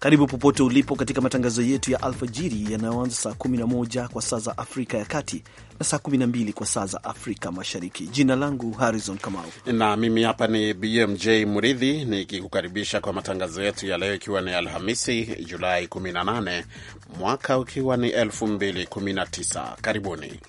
Karibu popote ulipo katika matangazo yetu ya alfajiri yanayoanza saa 11 kwa saa za Afrika ya Kati na saa 12 kwa saa za Afrika Mashariki. Jina langu Harrison Kamau na mimi hapa ni BMJ Muridhi nikikukaribisha kwa matangazo yetu ya leo, ikiwa ni Alhamisi Julai 18 mwaka ukiwa ni 2019. Karibuni.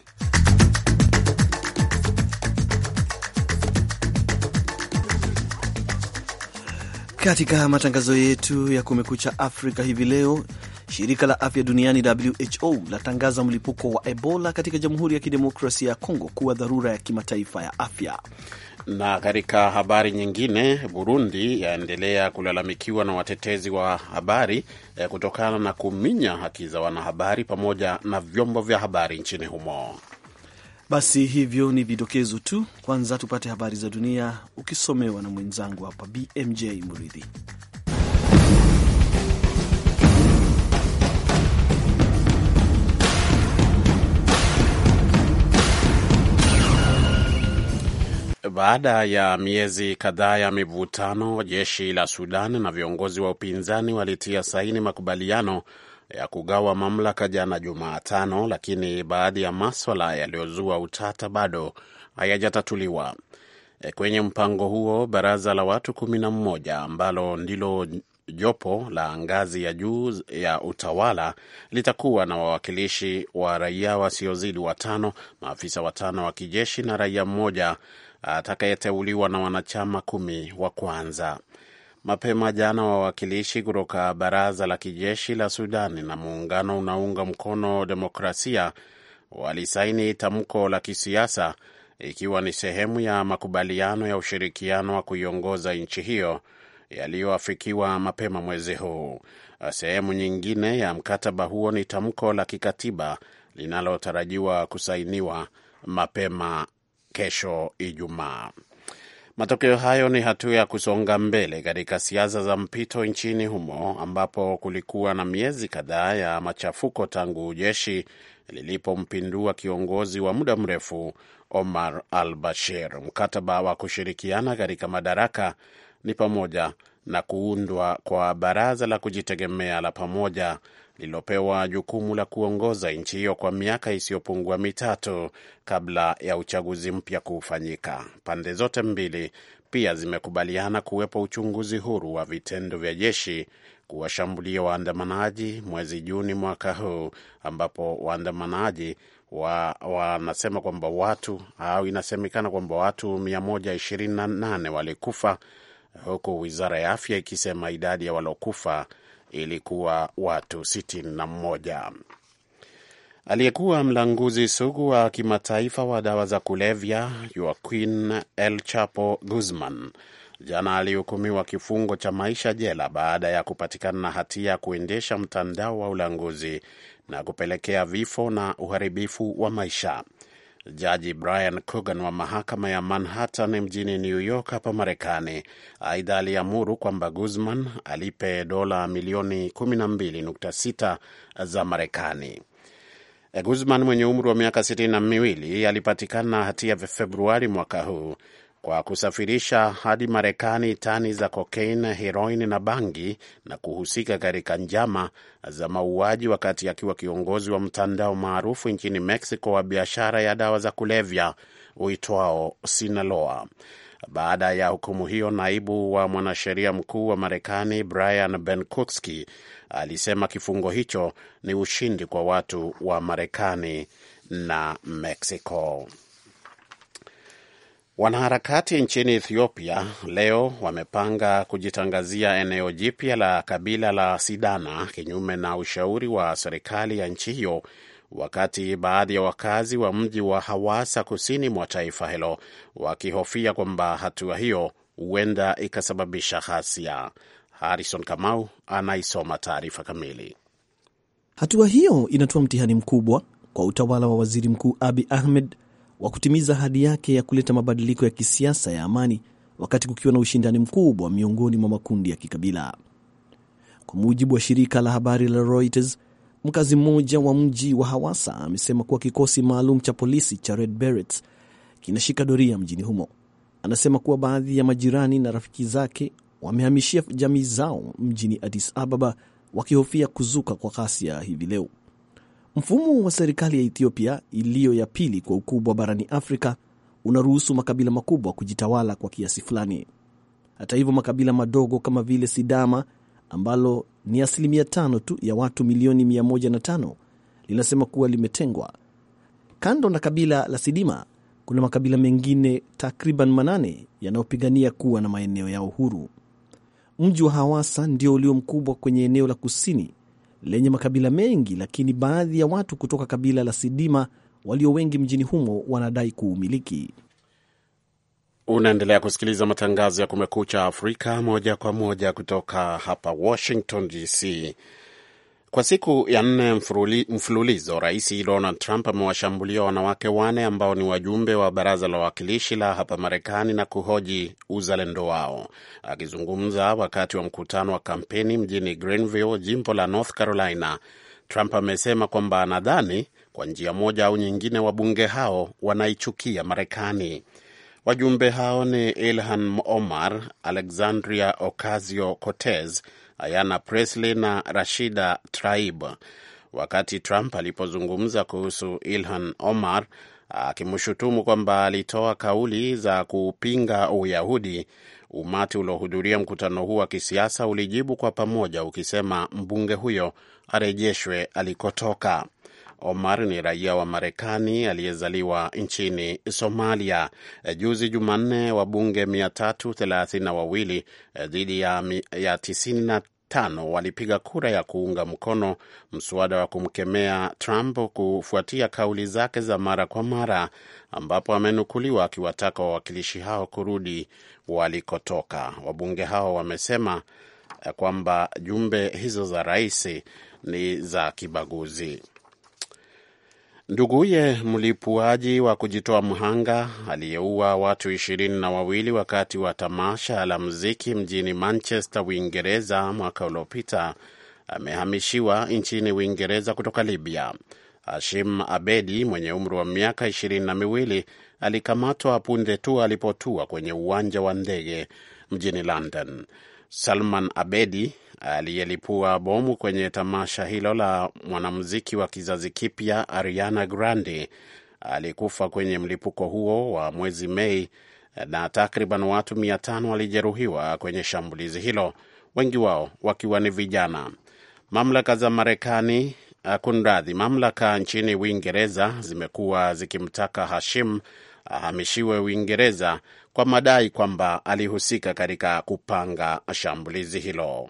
Katika matangazo yetu ya Kumekucha Afrika hivi leo, shirika la afya duniani WHO latangaza mlipuko wa Ebola katika Jamhuri ya Kidemokrasia ya Kongo kuwa dharura ya kimataifa ya afya. Na katika habari nyingine, Burundi yaendelea kulalamikiwa na watetezi wa habari eh, kutokana na kuminya haki za wanahabari pamoja na vyombo vya habari nchini humo. Basi hivyo ni vidokezo tu. Kwanza tupate habari za dunia ukisomewa na mwenzangu hapa BMJ Muridhi. Baada ya miezi kadhaa ya mivutano, jeshi la Sudan na viongozi wa upinzani walitia saini makubaliano ya kugawa mamlaka jana Jumatano, lakini baadhi ya maswala yaliyozua utata bado hayajatatuliwa. E, kwenye mpango huo, baraza la watu kumi na mmoja ambalo ndilo jopo la ngazi ya juu ya utawala litakuwa na wawakilishi wa raia wasiozidi watano, maafisa watano wa kijeshi na raia mmoja atakayeteuliwa na wanachama kumi wa kwanza. Mapema jana wawakilishi kutoka baraza la kijeshi la Sudani na muungano unaunga mkono demokrasia walisaini tamko la kisiasa ikiwa ni sehemu ya makubaliano ya ushirikiano wa kuiongoza nchi hiyo yaliyoafikiwa mapema mwezi huu. Sehemu nyingine ya mkataba huo ni tamko la kikatiba linalotarajiwa kusainiwa mapema kesho Ijumaa. Matokeo hayo ni hatua ya kusonga mbele katika siasa za mpito nchini humo ambapo kulikuwa na miezi kadhaa ya machafuko tangu jeshi lilipompindua kiongozi wa muda mrefu Omar al-Bashir. Mkataba wa kushirikiana katika madaraka ni pamoja na kuundwa kwa baraza la kujitegemea la pamoja lililopewa jukumu la kuongoza nchi hiyo kwa miaka isiyopungua mitatu kabla ya uchaguzi mpya kufanyika. Pande zote mbili pia zimekubaliana kuwepo uchunguzi huru wa vitendo vya jeshi kuwashambulia waandamanaji mwezi Juni mwaka huu, ambapo waandamanaji wanasema wa kwamba watu au inasemekana kwamba watu 128 walikufa huku wizara ya afya ikisema idadi ya waliokufa ilikuwa watu 61. Aliyekuwa mlanguzi sugu wa kimataifa wa dawa za kulevya Joaquin El Chapo Guzman jana alihukumiwa kifungo cha maisha jela baada ya kupatikana na hatia ya kuendesha mtandao wa ulanguzi na kupelekea vifo na uharibifu wa maisha. Jaji Brian Cogan wa mahakama ya Manhattan mjini New York hapa Marekani aidha aliamuru kwamba Guzman alipe dola milioni 12.6 za Marekani. Guzman mwenye umri wa miaka sitini na miwili alipatikana hatia Februari mwaka huu kwa kusafirisha hadi Marekani tani za kokaini, heroin na bangi na kuhusika katika njama za mauaji wakati akiwa kiongozi wa mtandao maarufu nchini Mexico wa biashara ya dawa za kulevya uitwao Sinaloa. Baada ya hukumu hiyo, naibu wa mwanasheria mkuu wa Marekani Brian Benkuski alisema kifungo hicho ni ushindi kwa watu wa Marekani na Mexico. Wanaharakati nchini Ethiopia leo wamepanga kujitangazia eneo jipya la kabila la Sidana kinyume na ushauri wa serikali ya nchi hiyo, wakati baadhi ya wakazi wa mji wa Hawasa kusini mwa taifa hilo wakihofia kwamba hatua hiyo huenda ikasababisha ghasia. Harrison Kamau anaisoma taarifa kamili. Hatua hiyo inatoa mtihani mkubwa kwa utawala wa waziri mkuu Abi Ahmed wa kutimiza ahadi yake ya kuleta mabadiliko ya kisiasa ya amani wakati kukiwa na ushindani mkubwa miongoni mwa makundi ya kikabila. Kwa mujibu wa shirika la habari la Reuters, mkazi mmoja wa mji wa hawasa amesema kuwa kikosi maalum cha polisi cha Red Berets kinashika doria mjini humo. Anasema kuwa baadhi ya majirani na rafiki zake wamehamishia jamii zao mjini Addis Ababa wakihofia kuzuka kwa ghasia hivi leo. Mfumo wa serikali ya Ethiopia iliyo ya pili kwa ukubwa barani Afrika unaruhusu makabila makubwa kujitawala kwa kiasi fulani. Hata hivyo, makabila madogo kama vile Sidama ambalo ni asilimia tano tu ya watu milioni 105 linasema kuwa limetengwa. Kando na kabila la Sidima, kuna makabila mengine takriban manane yanayopigania kuwa na maeneo yao huru. Mji wa hawasa ndio ulio mkubwa kwenye eneo la kusini lenye makabila mengi, lakini baadhi ya watu kutoka kabila la Sidima walio wengi mjini humo wanadai kuumiliki. Unaendelea kusikiliza matangazo ya Kumekucha Afrika moja kwa moja kutoka hapa Washington DC. Kwa siku ya nne mfululizo, Rais Donald Trump amewashambulia wanawake wane ambao ni wajumbe wa baraza la wawakilishi la hapa Marekani na kuhoji uzalendo wao. Akizungumza wakati wa mkutano wa kampeni mjini Greenville, jimbo la North Carolina, Trump amesema kwamba anadhani kwa njia moja au nyingine wabunge hao wanaichukia Marekani. Wajumbe hao ni Ilhan Omar, Alexandria Ocasio Cortez Ayana Presley na Rashida Tlaib wakati Trump alipozungumza kuhusu Ilhan Omar akimshutumu kwamba alitoa kauli za kupinga Uyahudi. Umati uliohudhuria mkutano huu wa kisiasa ulijibu kwa pamoja ukisema mbunge huyo arejeshwe alikotoka. Omar ni raia wa Marekani aliyezaliwa nchini Somalia. E, juzi Jumanne, wabunge 332 e, dhidi ya 90 tano walipiga kura ya kuunga mkono mswada wa kumkemea Trump kufuatia kauli zake za mara kwa mara, ambapo amenukuliwa akiwataka wawakilishi hao kurudi walikotoka. Wabunge hao wamesema e, kwamba jumbe hizo za rais ni za kibaguzi. Nduguye mlipuaji wa kujitoa mhanga aliyeua watu ishirini na wawili wakati wa tamasha la muziki mjini Manchester, Uingereza mwaka uliopita amehamishiwa nchini Uingereza kutoka Libya. Hashim Abedi mwenye umri wa miaka ishirini na miwili alikamatwa punde tu alipotua kwenye uwanja wa ndege mjini London. Salman Abedi aliyelipua bomu kwenye tamasha hilo la mwanamuziki wa kizazi kipya Ariana Grande alikufa kwenye mlipuko huo wa mwezi Mei na takriban watu mia tano walijeruhiwa kwenye shambulizi hilo, wengi wao wakiwa ni vijana. Mamlaka za Marekani ah, kunradhi, mamlaka nchini Uingereza zimekuwa zikimtaka Hashim ahamishiwe Uingereza kwa madai kwamba alihusika katika kupanga shambulizi hilo.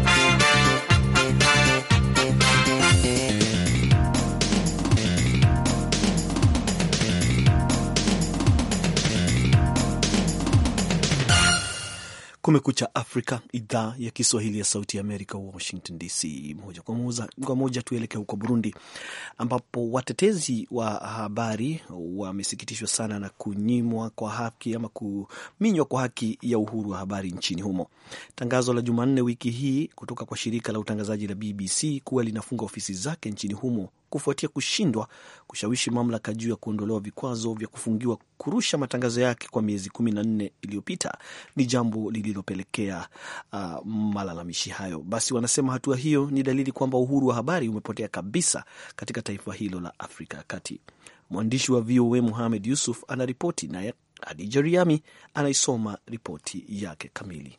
Kumekucha Afrika, idhaa ya Kiswahili ya Sauti ya Amerika, Washington DC. Moja kwa moja tuelekea huko Burundi, ambapo watetezi wa habari wamesikitishwa sana na kunyimwa kwa haki ama kuminywa kwa haki ya uhuru wa habari nchini humo. Tangazo la Jumanne wiki hii kutoka kwa shirika la utangazaji la BBC kuwa linafunga ofisi zake nchini humo kufuatia kushindwa kushawishi mamlaka juu ya kuondolewa vikwazo vya kufungiwa kurusha matangazo yake kwa miezi kumi na nne iliyopita, ni jambo lililopelekea uh, malalamishi hayo. Basi wanasema hatua hiyo ni dalili kwamba uhuru wa habari umepotea kabisa katika taifa hilo la Afrika ya Kati. Mwandishi wa VOA Muhamed Yusuf anaripoti, naye Hadija Riami anaisoma ripoti yake kamili.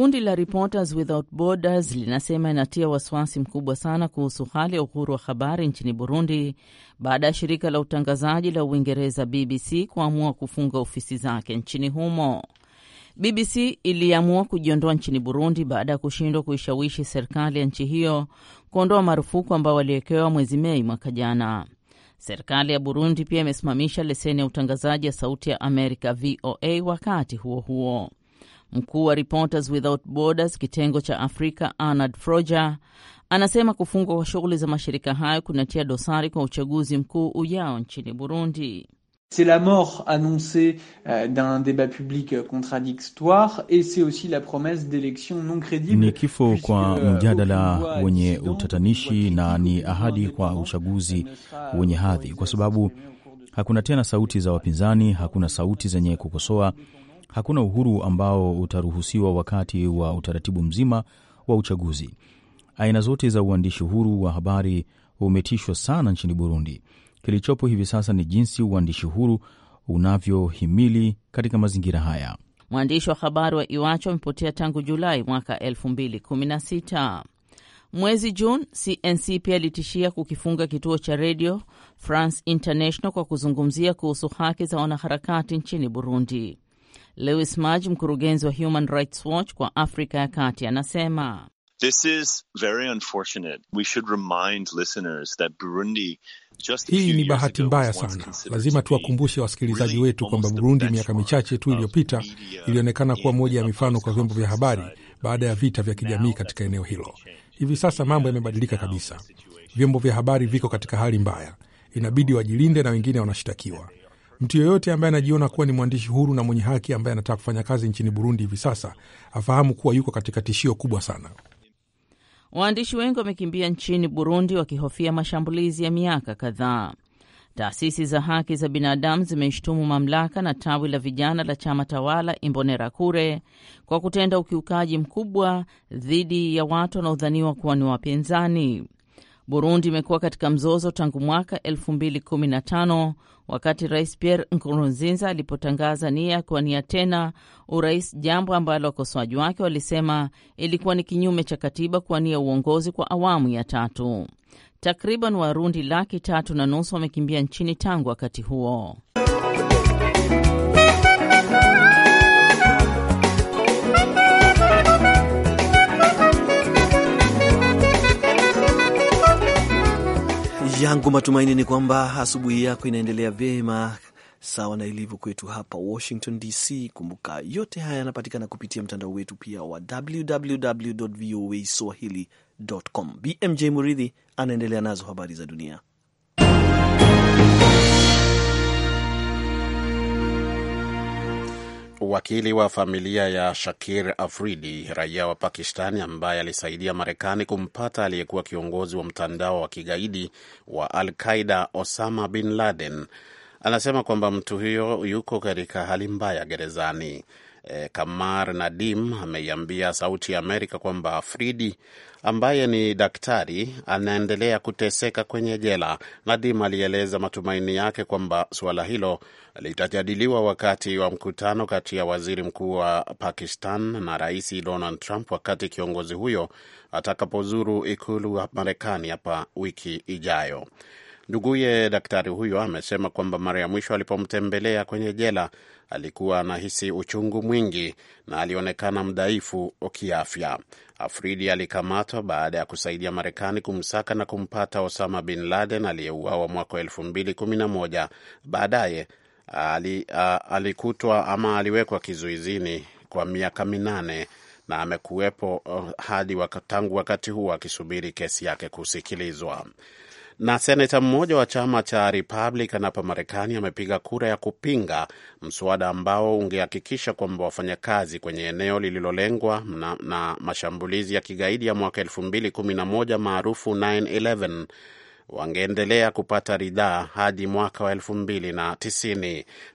Kundi la Reporters Without Borders linasema inatia wasiwasi mkubwa sana kuhusu hali ya uhuru wa habari nchini Burundi baada ya shirika la utangazaji la Uingereza BBC kuamua kufunga ofisi zake nchini humo. BBC iliamua kujiondoa nchini Burundi baada ya kushindwa kuishawishi serikali ya nchi hiyo kuondoa marufuku ambao waliwekewa mwezi Mei mwaka jana. Serikali ya Burundi pia imesimamisha leseni ya utangazaji ya Sauti ya Amerika, VOA, wakati huo huo. Mkuu wa Reporters Without Borders kitengo cha Afrika, Arnold Froger, anasema kufungwa kwa shughuli za mashirika hayo kunatia dosari kwa uchaguzi mkuu ujao nchini Burundi. C'est la mort annoncée euh, d'un débat public contradictoire et c'est aussi la promesse d'élections non crédibles. Ni kifo kwa euh, mjadala wenye utatanishi na ni ahadi kwa uchaguzi wenye hadhi, kwa sababu hakuna tena sauti za wapinzani, hakuna sauti zenye kukosoa hakuna uhuru ambao utaruhusiwa wakati wa utaratibu mzima wa uchaguzi. Aina zote za uandishi huru wa habari umetishwa sana nchini Burundi. Kilichopo hivi sasa ni jinsi uandishi huru unavyohimili katika mazingira haya. Mwandishi wa habari wa Iwacho amepotea tangu Julai mwaka 2016. Mwezi Juni, CNC pia alitishia kukifunga kituo cha redio France International kwa kuzungumzia kuhusu haki za wanaharakati nchini Burundi. Lewis Maj, mkurugenzi wa Human Rights Watch kwa Afrika ya Kati, anasema This is very unfortunate. We should remind listeners that Burundi just hii ni bahati mbaya sana. Lazima tuwakumbushe wasikilizaji wetu kwamba Burundi miaka michache tu iliyopita ilionekana kuwa moja ya mifano kwa vyombo vya habari baada ya vita vya kijamii katika eneo hilo. Hivi sasa mambo yamebadilika kabisa, vyombo vya habari viko katika hali mbaya, inabidi wajilinde na wengine wanashitakiwa. Mtu yoyote ambaye anajiona kuwa ni mwandishi huru na mwenye haki ambaye anataka kufanya kazi nchini Burundi hivi sasa afahamu kuwa yuko katika tishio kubwa sana. Waandishi wengi wamekimbia nchini Burundi wakihofia mashambulizi ya miaka kadhaa. Taasisi za haki za binadamu zimeshtumu mamlaka na tawi la vijana la chama tawala Imbonerakure kwa kutenda ukiukaji mkubwa dhidi ya watu wanaodhaniwa kuwa ni wapinzani. Burundi imekuwa katika mzozo tangu mwaka 2015 wakati Rais Pierre Nkurunziza alipotangaza nia ya kuwania tena urais, jambo ambalo wakosoaji wake walisema ilikuwa ni kinyume cha katiba kuwania uongozi kwa awamu ya tatu. Takriban Warundi laki tatu na nusu wamekimbia nchini tangu wakati huo. yangu matumaini ni kwamba asubuhi yako inaendelea vyema sawa na ilivyo kwetu hapa Washington DC. Kumbuka yote haya yanapatikana kupitia mtandao wetu pia wa www voa swahili com. BMJ Muridhi anaendelea nazo habari za dunia. Wakili wa familia ya Shakir Afridi, raia wa Pakistani ambaye alisaidia Marekani kumpata aliyekuwa kiongozi wa mtandao wa kigaidi wa Al Qaida Osama bin Laden, anasema kwamba mtu huyo yuko katika hali mbaya gerezani eh, Kamar Nadim ameiambia Sauti ya Amerika kwamba fridi ambaye ni daktari anaendelea kuteseka kwenye jela. Nadim alieleza matumaini yake kwamba suala hilo litajadiliwa wakati wa mkutano kati ya waziri mkuu wa Pakistan na Rais Donald Trump wakati kiongozi huyo atakapozuru ikulu ya Marekani hapa wiki ijayo. Nduguye daktari huyo amesema kwamba mara ya mwisho alipomtembelea kwenye jela alikuwa anahisi uchungu mwingi na alionekana mdhaifu kiafya. Afridi alikamatwa baada ya kusaidia Marekani kumsaka na kumpata Osama bin Laden aliyeuawa mwaka wa elfu mbili kumi na moja. Baadaye ali, alikutwa ama aliwekwa kizuizini kwa miaka minane na amekuwepo uh, hadi tangu wakati huo akisubiri kesi yake kusikilizwa. Na seneta mmoja wa chama cha Republican hapa Marekani amepiga kura ya kupinga mswada ambao ungehakikisha kwamba wafanyakazi kwenye eneo lililolengwa na, na mashambulizi ya kigaidi ya mwaka 2011 maarufu 911 wangeendelea kupata ridhaa hadi mwaka wa elfu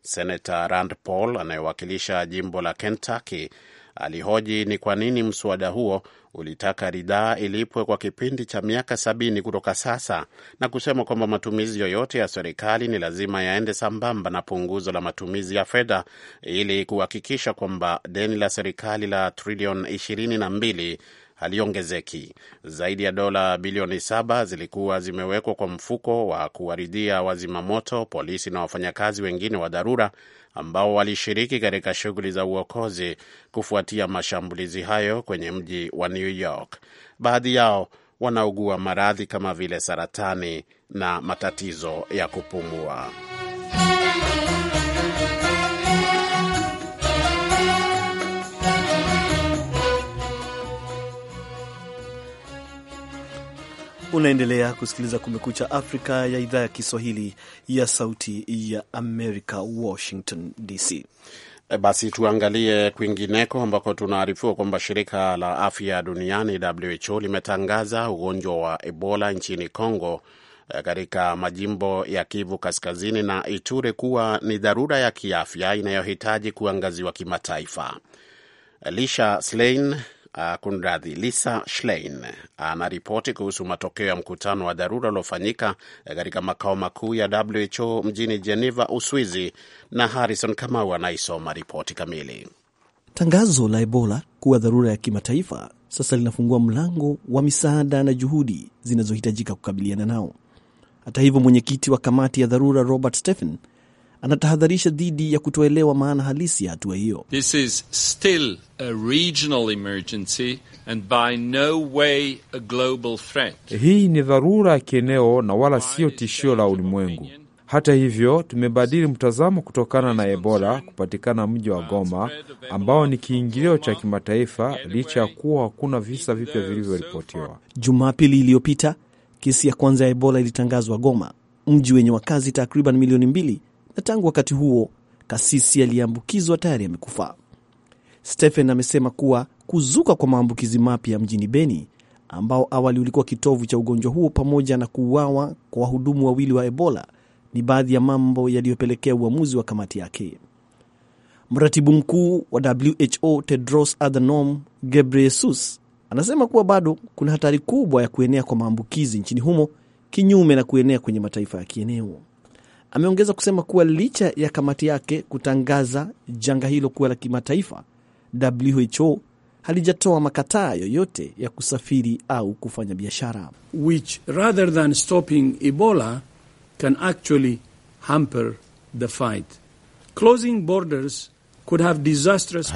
Senata Rand Paul anayewakilisha jimbo la Kentucky alihoji ni kwa nini mswada huo ulitaka ridhaa ilipwe kwa kipindi cha miaka sabini kutoka sasa na kusema kwamba matumizi yoyote ya serikali ni lazima yaende sambamba na punguzo la matumizi ya fedha ili kuhakikisha kwamba deni la serikali la trilioni ishirini na mbili haliongezeki. Zaidi ya dola bilioni saba zilikuwa zimewekwa kwa mfuko wa kuwaridhia wazimamoto, polisi na wafanyakazi wengine wa dharura ambao walishiriki katika shughuli za uokozi kufuatia mashambulizi hayo kwenye mji wa New York. Baadhi yao wanaugua maradhi kama vile saratani na matatizo ya kupumua. Unaendelea kusikiliza Kumekucha Afrika ya idhaa ya Kiswahili ya Sauti ya Amerika, Washington DC. E, basi tuangalie kwingineko ambako tunaarifiwa kwamba shirika la afya duniani WHO limetangaza ugonjwa wa Ebola nchini Congo e, katika majimbo ya Kivu Kaskazini na Ituri kuwa ni dharura ya kiafya inayohitaji kuangaziwa kimataifa. Lisha Slein Uh, kunradhi, Lisa Schlein anaripoti uh, kuhusu matokeo ya mkutano wa dharura uliofanyika katika makao makuu ya WHO mjini Geneva, Uswizi, na Harrison Kamau anaisoma ripoti kamili. Tangazo la Ebola kuwa dharura ya kimataifa sasa linafungua mlango wa misaada na juhudi zinazohitajika kukabiliana nao. Hata hivyo, mwenyekiti wa kamati ya dharura Robert Stephen anatahadharisha dhidi ya kutoelewa maana halisi ya hatua hiyo. This is still a regional emergency and by no way a global threat. Hii ni dharura ya kieneo na wala siyo tishio la ulimwengu. Hata hivyo tumebadili mtazamo kutokana na Ebola kupatikana mji wa Goma ambao ni kiingilio cha kimataifa, licha ya kuwa hakuna visa vipya vilivyoripotiwa. Jumapili iliyopita kesi ya kwanza ya Ebola ilitangazwa Goma, mji wenye wakazi takriban milioni mbili na tangu wakati huo kasisi aliyeambukizwa tayari amekufa. Stephen amesema kuwa kuzuka kwa maambukizi mapya mjini Beni ambao awali ulikuwa kitovu cha ugonjwa huo pamoja na kuuawa kwa wahudumu wawili wa Ebola ni baadhi ya mambo yaliyopelekea uamuzi wa kamati yake. Mratibu mkuu wa WHO Tedros Adhanom Ghebreyesus anasema kuwa bado kuna hatari kubwa ya kuenea kwa maambukizi nchini humo, kinyume na kuenea kwenye mataifa ya kieneo. Ameongeza kusema kuwa licha ya kamati yake kutangaza janga hilo kuwa la kimataifa, WHO halijatoa makataa yoyote ya kusafiri au kufanya biashara. Which rather than stopping Ebola can actually hamper the fight. Closing borders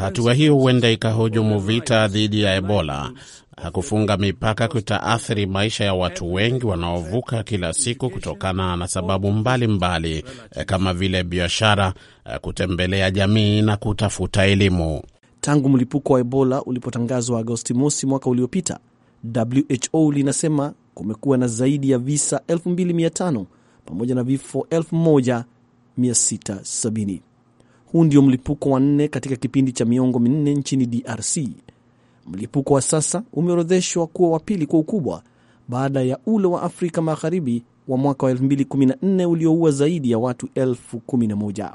hatua hiyo huenda ikahujumu vita dhidi ya Ebola. hakufunga mipaka kutaathiri maisha ya watu wengi wanaovuka kila siku kutokana na sababu mbalimbali mbali, eh, kama vile biashara, eh, kutembelea jamii na kutafuta elimu. Tangu mlipuko wa Ebola ulipotangazwa Agosti mosi mwaka uliopita, WHO linasema kumekuwa na zaidi ya visa 2500 pamoja na vifo 1670. Huu ndio mlipuko wa nne katika kipindi cha miongo minne nchini DRC. Mlipuko wa sasa umeorodheshwa kuwa wa pili kwa ukubwa baada ya ule wa Afrika Magharibi wa mwaka wa 2014 ulioua zaidi ya watu elfu 11.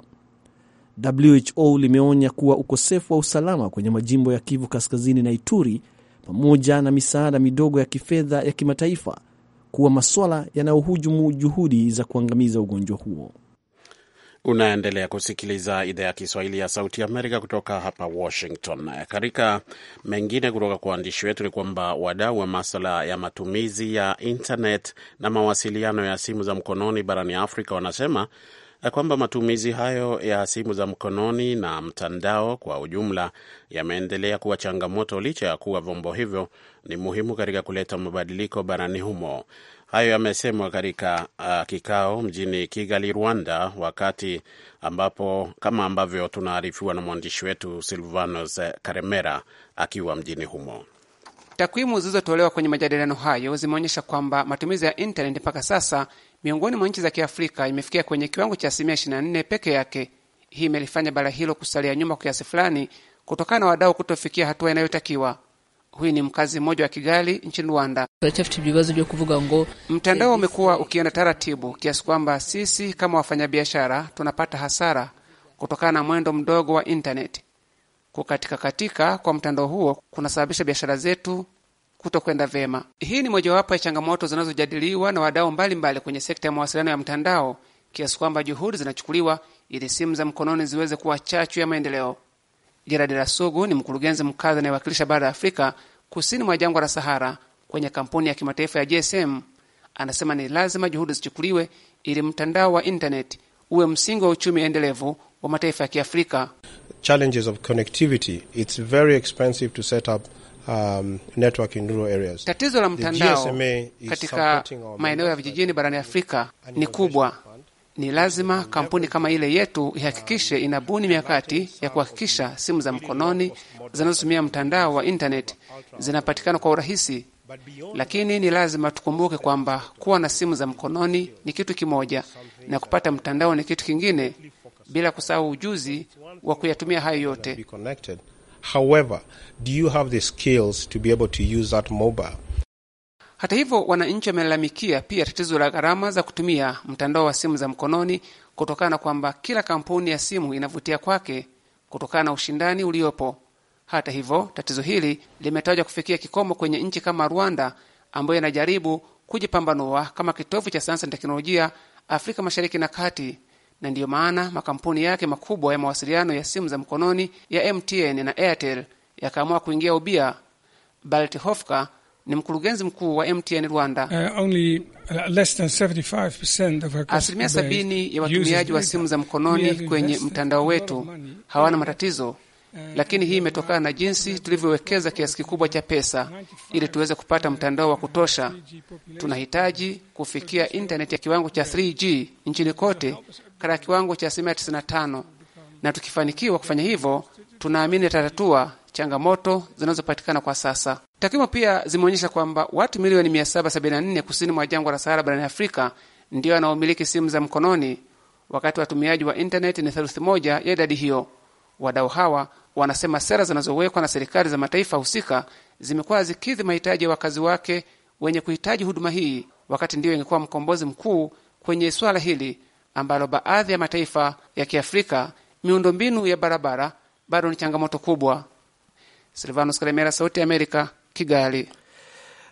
WHO limeonya kuwa ukosefu wa usalama kwenye majimbo ya Kivu Kaskazini na Ituri pamoja na misaada midogo ya kifedha ya kimataifa kuwa maswala yanayohujumu juhudi za kuangamiza ugonjwa huo. Unaendelea kusikiliza idhaa ya Kiswahili ya Sauti Amerika kutoka hapa Washington. Katika mengine kutoka kwa waandishi wetu ni kwamba wadau wa masala ya matumizi ya internet na mawasiliano ya simu za mkononi barani Afrika wanasema eh, kwamba matumizi hayo ya simu za mkononi na mtandao kwa ujumla yameendelea kuwa changamoto licha ya kuwa vyombo hivyo ni muhimu katika kuleta mabadiliko barani humo. Hayo yamesemwa katika uh, kikao mjini Kigali, Rwanda, wakati ambapo kama ambavyo tunaarifiwa na mwandishi wetu Silvanos Karemera akiwa mjini humo. Takwimu zilizotolewa kwenye majadiliano hayo zimeonyesha kwamba matumizi ya intaneti mpaka sasa miongoni mwa nchi za Kiafrika imefikia kwenye kiwango cha asilimia 24 peke yake. Hii imelifanya bara hilo kusalia nyuma kwa kiasi fulani kutokana na wadau kutofikia hatua inayotakiwa. Huyu ni mkazi mmoja wa Kigali nchini Rwanda. Mtandao umekuwa ukienda taratibu kiasi kwamba sisi kama wafanyabiashara tunapata hasara kutokana na mwendo mdogo wa intaneti. Kukatika katika kwa mtandao huo kunasababisha biashara zetu kutokwenda vyema. Hii ni mojawapo ya changamoto zinazojadiliwa na wadau mbalimbali kwenye sekta ya mawasiliano ya mtandao, kiasi kwamba juhudi zinachukuliwa ili simu za mkononi ziweze kuwa chachu ya maendeleo la Sugu ni mkurugenzi mkazi anayewakilisha bara la Afrika kusini mwa jangwa la Sahara kwenye kampuni ya kimataifa ya GSM. Anasema ni lazima juhudi zichukuliwe ili mtandao wa intaneti uwe msingi wa uchumi endelevu wa mataifa ya Kiafrika. Um, network in rural areas. Tatizo la mtandao katika maeneo ya vijijini barani Afrika ni kubwa ni lazima kampuni kama ile yetu ihakikishe inabuni mikakati ya kuhakikisha simu za mkononi zinazotumia mtandao wa intaneti zinapatikana kwa urahisi, lakini ni lazima tukumbuke kwamba kuwa na simu za mkononi ni kitu kimoja na kupata mtandao ni kitu kingine, bila kusahau ujuzi wa kuyatumia hayo yote. However, do you have the skills to be able to use that mobile? Hata hivyo, wananchi wamelalamikia pia tatizo la gharama za kutumia mtandao wa simu za mkononi kutokana na kwamba kila kampuni ya simu inavutia kwake kutokana na ushindani uliopo. Hata hivyo, tatizo hili limetajwa kufikia kikomo kwenye nchi kama Rwanda ambayo inajaribu kujipambanua kama kitovu cha sayansi na teknolojia Afrika Mashariki na Kati, na ndiyo maana makampuni yake makubwa ya mawasiliano ya simu za mkononi ya MTN na Airtel yakaamua kuingia ubia. Hofka ni mkurugenzi mkuu wa MTN Rwanda. Uh, uh, asilimia sabini ya watumiaji wa simu za mkononi kwenye mtandao wetu hawana matatizo, uh, lakini hii imetokana na jinsi tulivyowekeza kiasi kikubwa cha pesa ili tuweze kupata mtandao wa kutosha. Tunahitaji kufikia intaneti ya kiwango cha 3G nchini kote katika kiwango cha asilimia 95, na tukifanikiwa kufanya hivyo, tunaamini tatatua changamoto zinazopatikana kwa sasa. Takwimu pia zimeonyesha kwamba watu milioni 774 kusini mwa jangwa la Sahara barani Afrika ndiyo wanaomiliki simu za mkononi, wakati watumiaji wa intaneti ni theluthi moja ya idadi hiyo. Wadau hawa wanasema sera zinazowekwa na serikali za mataifa husika zimekuwa zikidhi mahitaji ya wakazi wake wenye kuhitaji huduma hii, wakati ndiyo ingekuwa mkombozi mkuu kwenye swala hili ambalo baadhi ya mataifa ya Kiafrika miundombinu ya barabara bado ni changamoto kubwa. Kalemera, Sauti ya Amerika, Kigali.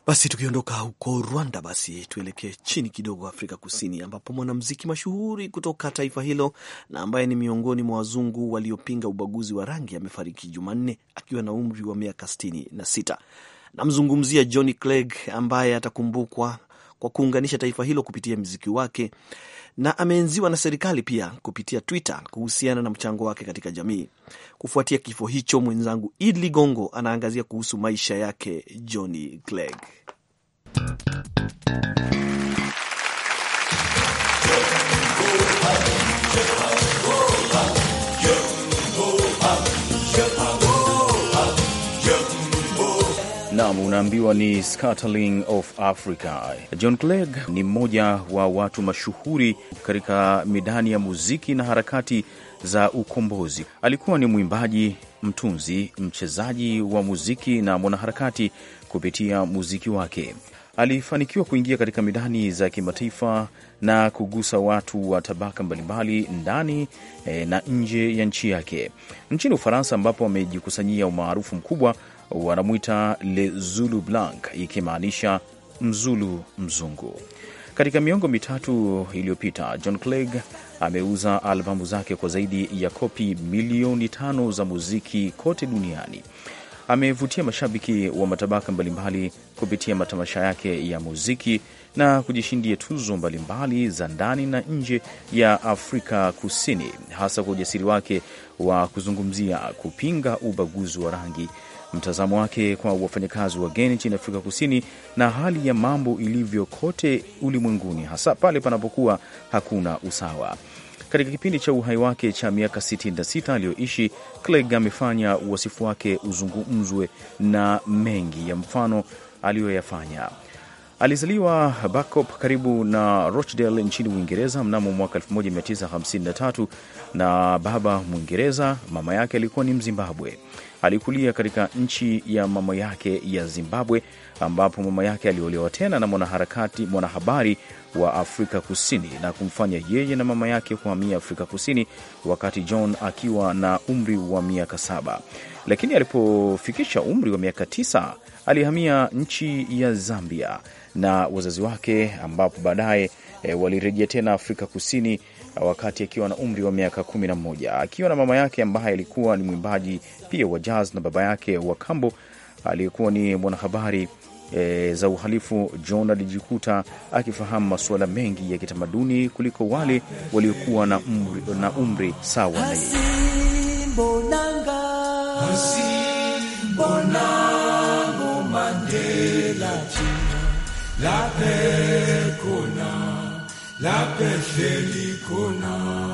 Basi tukiondoka huko Rwanda, basi tuelekee chini kidogo, Afrika Kusini, ambapo mwanamuziki mashuhuri kutoka taifa hilo na ambaye ni miongoni mwa wazungu waliopinga ubaguzi wa rangi amefariki Jumanne akiwa na umri wa miaka sitini na sita. Namzungumzia Johnny Clegg ambaye atakumbukwa kwa kuunganisha taifa hilo kupitia mziki wake na ameenziwa na serikali pia kupitia Twitter kuhusiana na mchango wake katika jamii. Kufuatia kifo hicho, mwenzangu Id Ligongo anaangazia kuhusu maisha yake Johnny Clegg. Naam, unaambiwa ni Scatterling of Africa. John Clegg ni mmoja wa watu mashuhuri katika midani ya muziki na harakati za ukombozi. Alikuwa ni mwimbaji, mtunzi, mchezaji wa muziki na mwanaharakati. Kupitia muziki wake alifanikiwa kuingia katika midani za kimataifa na kugusa watu wa tabaka mbalimbali ndani e, na nje ya nchi yake. Nchini Ufaransa ambapo amejikusanyia umaarufu mkubwa wanamwita Le Zulu Blanc, ikimaanisha mzulu mzungu. Katika miongo mitatu iliyopita, John Clegg ameuza albamu zake kwa zaidi ya kopi milioni tano za muziki kote duniani. Amevutia mashabiki wa matabaka mbalimbali kupitia matamasha yake ya muziki na kujishindia tuzo mbalimbali za ndani na nje ya Afrika Kusini, hasa kwa ujasiri wake wa kuzungumzia kupinga ubaguzi wa rangi mtazamo wake kwa wafanyakazi wageni nchini Afrika Kusini na hali ya mambo ilivyo kote ulimwenguni, hasa pale panapokuwa hakuna usawa. Katika kipindi cha uhai wake cha miaka 66 aliyoishi, Clegg amefanya uwasifu wake uzungumzwe na mengi ya mfano aliyoyafanya. Alizaliwa Bacop karibu na Rochdale nchini Uingereza mnamo mwaka 1953 na baba Mwingereza, mama yake alikuwa ni Mzimbabwe. Alikulia katika nchi ya mama yake ya Zimbabwe, ambapo mama yake aliolewa tena na mwanaharakati mwanahabari wa Afrika Kusini na kumfanya yeye na mama yake kuhamia Afrika Kusini wakati John akiwa na umri wa miaka saba, lakini alipofikisha umri wa miaka tisa alihamia nchi ya Zambia na wazazi wake, ambapo baadaye e, walirejea tena Afrika Kusini wakati akiwa na umri wa miaka kumi na moja akiwa na mama yake ambaye alikuwa ni mwimbaji pia wa jazz na baba yake wa kambo aliyekuwa ni mwanahabari e, za uhalifu. John alijikuta akifahamu masuala mengi ya kitamaduni kuliko wale waliokuwa na umri, na umri sawa na yeye. La khona la hleli khona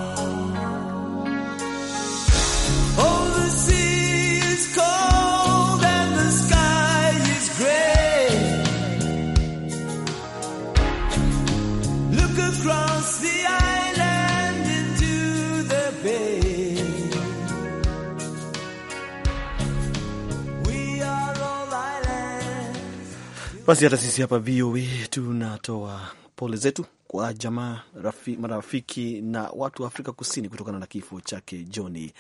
Basi hata sisi hapa VOA tunatoa pole zetu kwa jamaa, marafiki na watu wa Afrika Kusini kutokana na kifo chake Johnny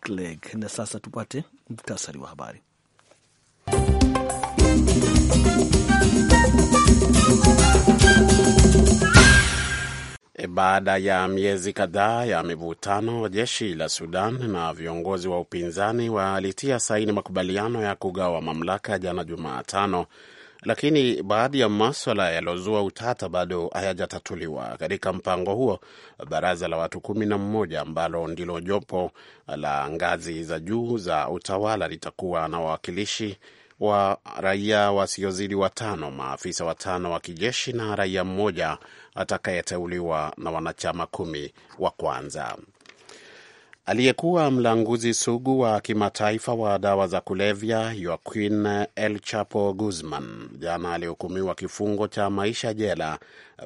Clegg. Na sasa tupate muhtasari wa habari. E, baada ya miezi kadhaa ya mivutano, jeshi la Sudan na viongozi wa upinzani walitia saini makubaliano ya kugawa mamlaka jana Jumatano lakini baadhi ya maswala yaliyozua utata bado hayajatatuliwa katika mpango huo. Baraza la watu kumi na mmoja ambalo ndilo jopo la ngazi za juu za utawala litakuwa na wawakilishi wa raia wasiozidi watano, maafisa watano wa kijeshi na raia mmoja atakayeteuliwa na wanachama kumi wa kwanza. Aliyekuwa mlanguzi sugu wa kimataifa wa dawa za kulevya Joaquin El Chapo Guzman jana alihukumiwa kifungo cha maisha jela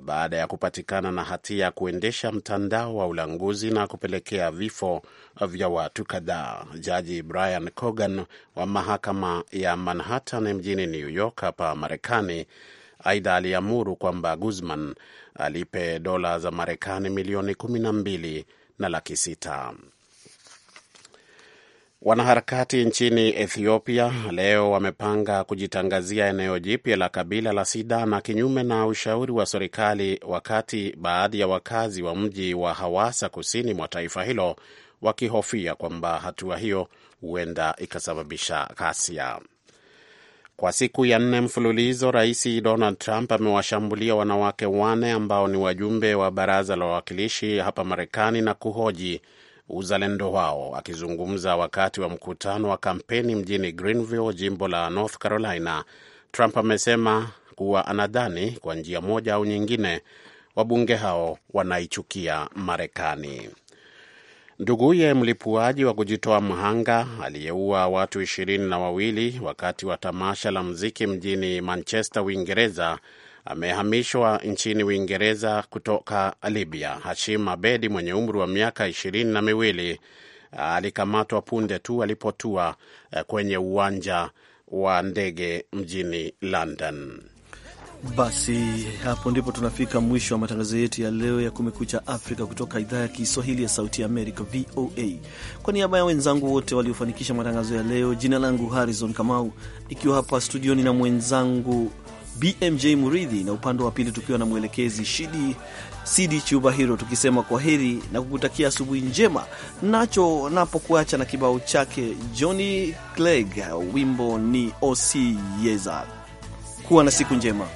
baada ya kupatikana na hatia ya kuendesha mtandao wa ulanguzi na kupelekea vifo vya watu kadhaa. Jaji Brian Cogan wa mahakama ya Manhattan mjini New York hapa Marekani aidha aliamuru kwamba Guzman alipe dola za Marekani milioni kumi na mbili na laki sita. Wanaharakati nchini Ethiopia leo wamepanga kujitangazia eneo jipya la kabila la Sidama kinyume na ushauri wa serikali, wakati baadhi ya wakazi wa mji wa Hawasa kusini mwa taifa hilo wakihofia kwamba hatua hiyo huenda ikasababisha ghasia. Kwa siku ya nne mfululizo, Rais Donald Trump amewashambulia wanawake wane ambao ni wajumbe wa baraza la wawakilishi hapa Marekani na kuhoji uzalendo wao. Akizungumza wakati wa mkutano wa kampeni mjini Greenville, jimbo la North Carolina, Trump amesema kuwa anadhani kwa njia moja au nyingine wabunge hao wanaichukia Marekani. Nduguye mlipuaji wa kujitoa mhanga aliyeua watu ishirini na wawili wakati wa tamasha la mziki mjini Manchester, Uingereza amehamishwa nchini Uingereza kutoka Libya. Hashim Abedi mwenye umri wa miaka ishirini na miwili uh, alikamatwa punde tu alipotua uh, kwenye uwanja wa ndege mjini London. Basi hapo ndipo tunafika mwisho wa matangazo yetu ya leo ya Kumekucha Afrika kutoka idhaa ya Kiswahili ya Sauti Amerika, VOA. Kwa niaba ya wenzangu wote waliofanikisha matangazo ya leo, jina langu Harrison Kamau, ikiwa hapa studioni na mwenzangu BMJ Muridhi na upande wa pili tukiwa na mwelekezi Shidi Sidi Chubahiro tukisema kwa heri na kukutakia asubuhi njema, nacho napokuacha na kibao chake Johnny Clegg, wimbo ni yeza Kuwa na siku njema.